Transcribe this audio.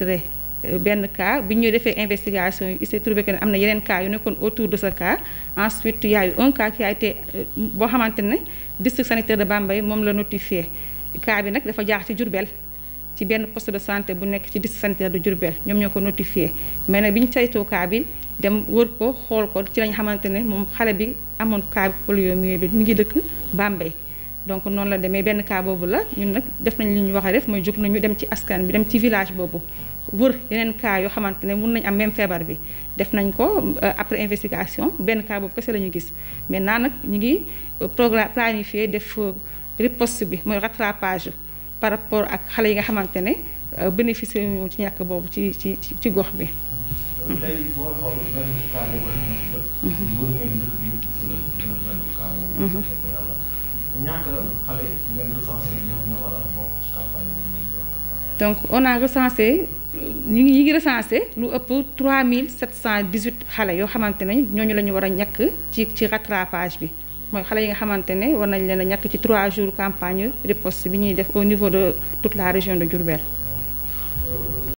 Euh, benn cas bi ñu defee investigation yi il s'est trouvé am na yeneen cas yu nekkoon autour de sa cas ensuite il y a eu euh, boo xamante ne district sanitaire de bambay moom la notifié cas bi nag dafa jaar ci Diourbel ci benn poste de santé bu nekk ci district sanitaire de Diourbel ñoom ñoo ko notifié mais nag bi ñu saytoo cas bi dem wër ko xool ko ci lañ xamante ne moom xale bi amoon cas bi poliomyélite bi mu ngi dëkk bambay donc noonu la demee benn cas boobu la ñun nag def nañ li ñu wax a def mooy jóg nañu dem ci askan bi dem ci village boobu wër yeneen cas yoo xamante ne mun nañ am même feebar bi def nañ ko euh, après investigation benn cas boobu kese la ñu gis naa nag ñu ngi euh, programme planifié def euh, riposte bi mooy rattrapage par rapport ak xale yi nga xamante ne bénéficié ñu ci ñàkk boobu ci ci ci gox bi. ñaata donc on a recensé ñu ngi ñu ngi recensé lu ëpp cent 3718 xale yoo xamante ne ñooñu la ñu war a ñàkk ci ci rattrapage bi mooy xale yi nga xamante ne war nañ leen a ñàkk ci 3 jours campagne riposte bi ñuy def au niveau de toute la région de Diourbel.